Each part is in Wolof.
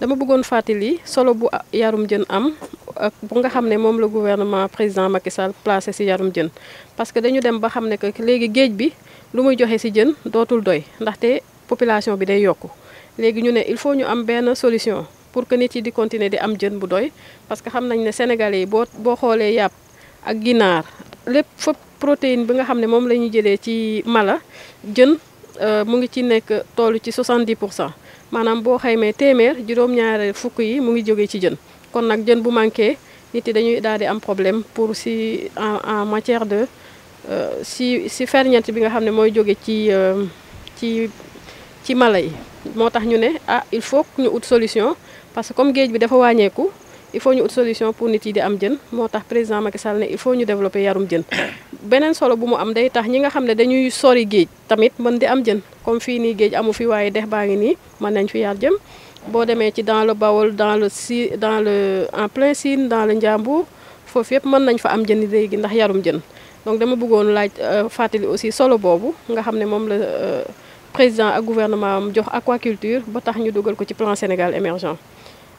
dama bëggoon fàttali solo bu yarum jën am bu nga xam ne moom la gouvernement président Macky Sall placé ci yarum jën parce que dañu dem ba xam ne que léegi géej bi lu muy joxe ci jën dootul doy ndaxte population bi day yokku léegi ñu ne il faut ñu am benn solution pour que nit yi di continuer di am jën bu doy parce que xam nañ ne sénégalais yi boo boo xoolee yàpp ak ginaar lépp fépp protéine bi nga xam ne moom la jëlee ci mala jën euh, mu ngi ci nekk toolu ci 70 pour cent maanaam boo xaymee téeméer juróom-ñaari fukk yi mu ngi jóge ci jën kon nag jën bu manqué nit yi dañuy daal di am problème pour si en en matière de euh, si si ñent bi nga xam ne mooy jóge ci euh, ci ci mala yi moo tax ñu ne ah il faut ñu ut solution parce que comme géej bi dafa wàññeeku il faut ñu ut solution pour nit yi di am jën moo tax président Macky Sall ne il faut ñu développer yarum jën benen solo bu mu am day tax ñi nga xam ne dañuy sori géej tamit mën di am jën comme fii nii géej amu fi waaye dex baa ngi nii mën nañ fi yar jëm boo demee ci dans le Bawol dans le si dans le en plein Sine dans le Njàmbur foofu yëpp mën nañ fa am jën gi ndax yarum jën donc dama bëggoon laaj euh, fàttali aussi solo boobu nga xam ne moom la euh, président ak gouvernement am jox aquaculture ba tax ñu dugal ko ci plan Sénégal émergent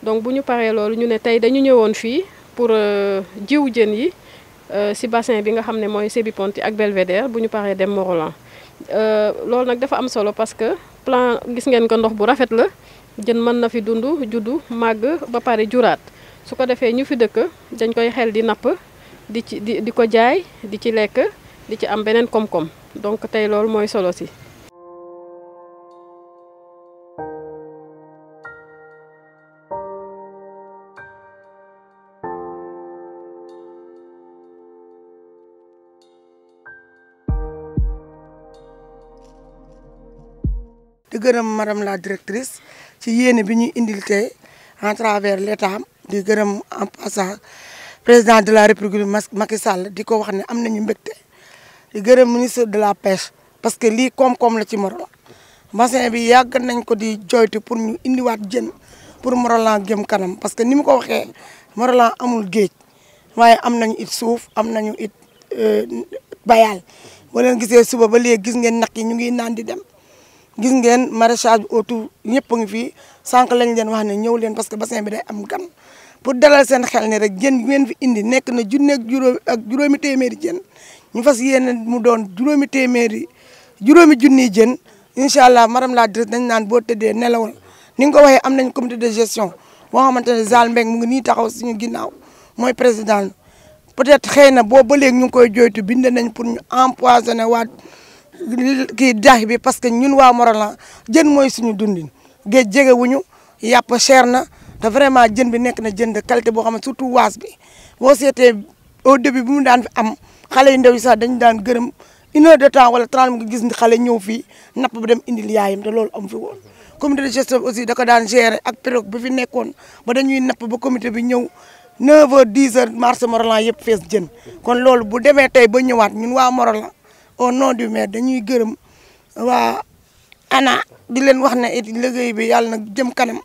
donc bu ñu paree loolu ñu ne tey dañu ñëwoon fii pour euh, jiw jën yi Euh, si bassin bi nga xam ne mooy sébi ponti ak belvédère bu ñu dem moroland euh, loolu nag dafa am solo parce que plan gis ngeen ko ndox bu rafet la jën mën na fi dund judd màgg ba pare juraat su ko defee ñu fi dëkk dañ koy xel di napp di di, di ko jaay di ci lekk di ci am beneen koom-koom donc tey loolu mooy solo si di gërëm madame la directrice ci yéene bi ñu indil en travers l'état di gërëm en passant président de la république Macky Sall di ko wax ne am nañu mbégte di gërëm ministre de la pêche parce que lii koom-koom la ci Morolan bassin bi yàgg nañ ko di joytu pour ñu indiwaat jën pour Morolan jëm kanam parce que ni mu ko waxee Morolan amul géej waaye am nañu it suuf am nañu it euh, bayaal boo leen gisee suba ba gis ngeen naq yi ñu ngi naan di dem gis ngeen maraîchage autour ñëpp ngi fii sànq lañu leen wax ne ñëw leen parce que bassin bi day am gan pour dalal seen xel ne rek jën ngeen fi indi nekk na junne ak juróomi ak juróomi téeméeri jën ñu fas yéene mu doon juróomi téeméeri juróomi junniy jën incha allah madame la directrice dañ naan boo tëddee nelawal ni nga ko waxee am nañ comité de gestion boo xamante ne Zal Mbengue mu ngi nii taxaw suñu ginnaaw mooy président peut-être xëy na boo ba léegi ñu ngi koy joytu bind nañ pour ñu empoisonné waat kii jaay bi parce que ñun waa Morolan jën mooy suñu dundin géej jege wuñu yàpp cher na te vraiment jën bi nekk na jën de qualité boo xam ne surtout waas bi boo seetee au début bi mu daan fi am xale yu ndaw yi sax dañu daan gërëm une de temps wala trente nga gis xale ñëw fi napp bi dem indil yaayam te loolu am fi woon comité de gestion aussi da ko daan gérer ak pirogue bi fi nekkoon ba ñuy napp ba comité bi ñëw 9 heures 10 heures marché Morolan yëpp fees jën kon loolu bu demee tey ba ñëwaat ñun waa Morolan au nom du maire dañuy gërëm waa ANA di leen wax ne it liggéey bi yàlla na jëm kanam.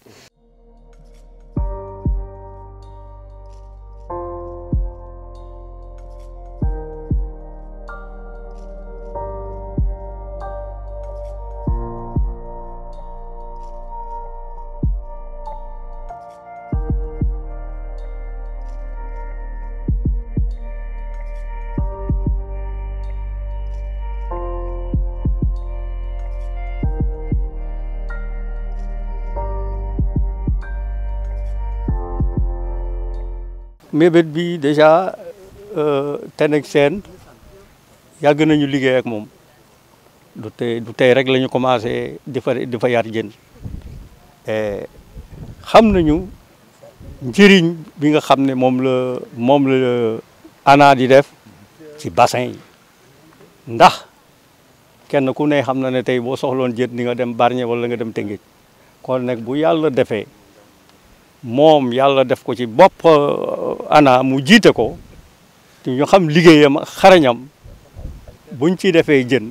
mébét bi déjà euh, Tenek Sène yàgg nañu liggéey ak moom du tey du tey rek lañu commencé di fa di fa yar jën xam nañu njëriñ bi nga xam ne moom la moom la ana di def ci bassin yi ndax kenn ku ne xam na ne tey boo soxloon jën di nga dem Bargny wala nga dem Tëngéej kon nag bu yàlla defee moom yàlla def ko ci bopp euh, ana mu jiite ko te ñu xam liggéeyam xarañam buñ ci defee jën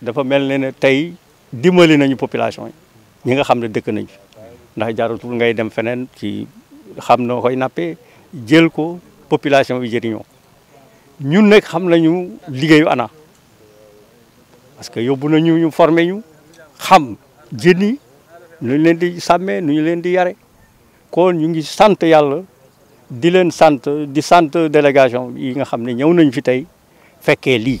dafa mel ne ne tey dimbali nañu population yi ñi nga xam ne dëkk nañ fi ndax jaratul ngay dem feneen ci xam na koy nappee jël ko population bi jëriñoo ñun na xam nañu liggéeyu ana parce que yóbbu nañu ñu formé ñu xam jën yi nu leen di sàmmee nu ñu leen di yare kon ñu ngi sante yalla di leen sante, di sante délégation yi nga xam ne ñëw nañ fi tey fekkee lii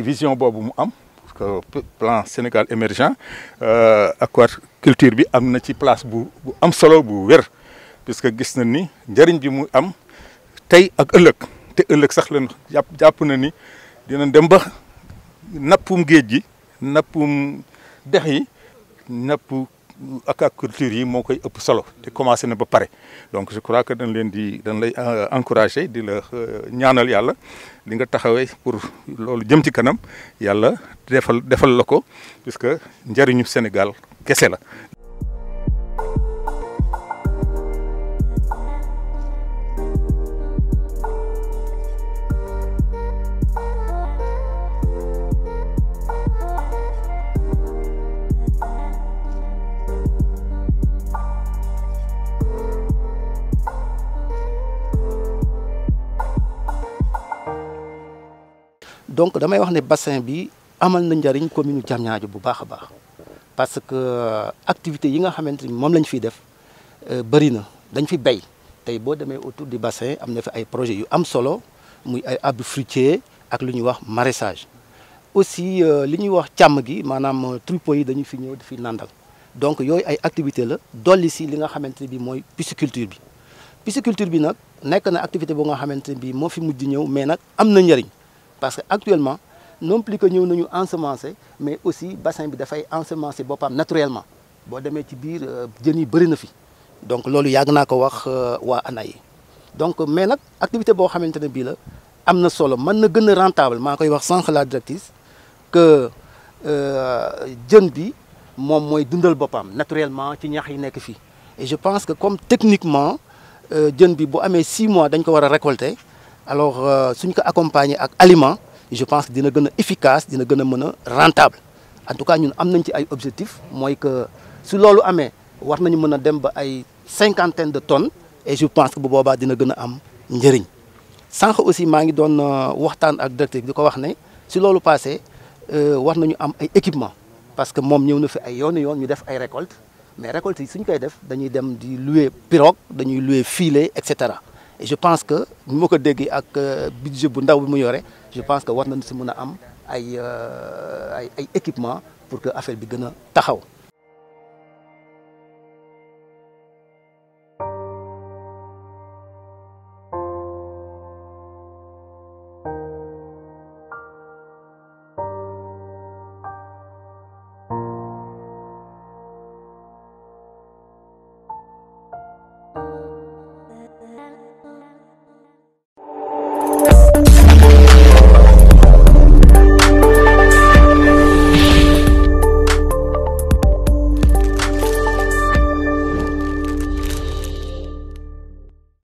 vision pour am parce que plan Sénégal émergent euh, aquaculture bi amna place bu am solo bu puisque gis na ni bi am tay ak te sax na ni dem ba napum aquaculture yi moo koy ëpp solo te commencé na ba pare donc je crois que dañ leen di dañ lay euh, encourager di la euh, ñaanal yàlla li nga taxawee pour loolu jëm ci kanam yàlla defal defal la ko puisque njëriñu Sénégal kese la donc damay wax ne bassin bi amal na njariñ commune jamñaaju bu baax a baax parce que euh, activité yi nga xamante ni moom lañ fi def euh, bëri na dañ fi bay tey boo demee autour du bassin am na fi ay projet yu am solo muy ay abri fruitier ak lu ñuy wax maraissage aussi euh, li ñuy wax càmm gi maanaam tripot yi dañu fi ñëw di fi nandal donc yooyu ay activité la dolli si li nga xamante bi mooy pisciculture bi pisciculture bi nag nekk na activité bu nga xamante bi moo fi mujj ñëw mais nag am na parce qu'actuellement, actuellement non plus que nous nañu ensemencer mais aussi bassin bi dafay ensemencer boppam naturellement Bon, demee ci biir euh, jën yi na fi donc loolu yàgg naa ko wax euh, waa donc mais nag activité boo xamante ne bii la am solo mën na rentable maa koy wax sànq la directrice que euh, jën bi moi mooy dundal bopam naturellement ci ñax yi nekk et je pense que comme techniquement jën bi bu amee six mois dañ ko war récolter alors euh, suñ ko accompagner ak aliment je pense dina gën efficace dina gën a rentable en tout cas ñun avons un ci ay objectifs que su loolu amee war nañu mën a dem ba ay cinquantaine de tonnes et je pense que bu boobaa dina gën a am njëriñ sànq aussi maa ngi doon euh, waxtaan ak directeur bi di ko wax ne si passé euh, war nañu am ay équipement parce que moi nous na fi ay yoonu yoon ñu def ay récolte mais récolte yi suñ koy def dañuy dem di louer pirogue dañuy louer filet etc et je pense que bi ma ko ak euh, budget bu ndaw bi mu yoré je pense que war nañ ci mëna am ay euh, ay équipement pour que affaire bi gëna taxaw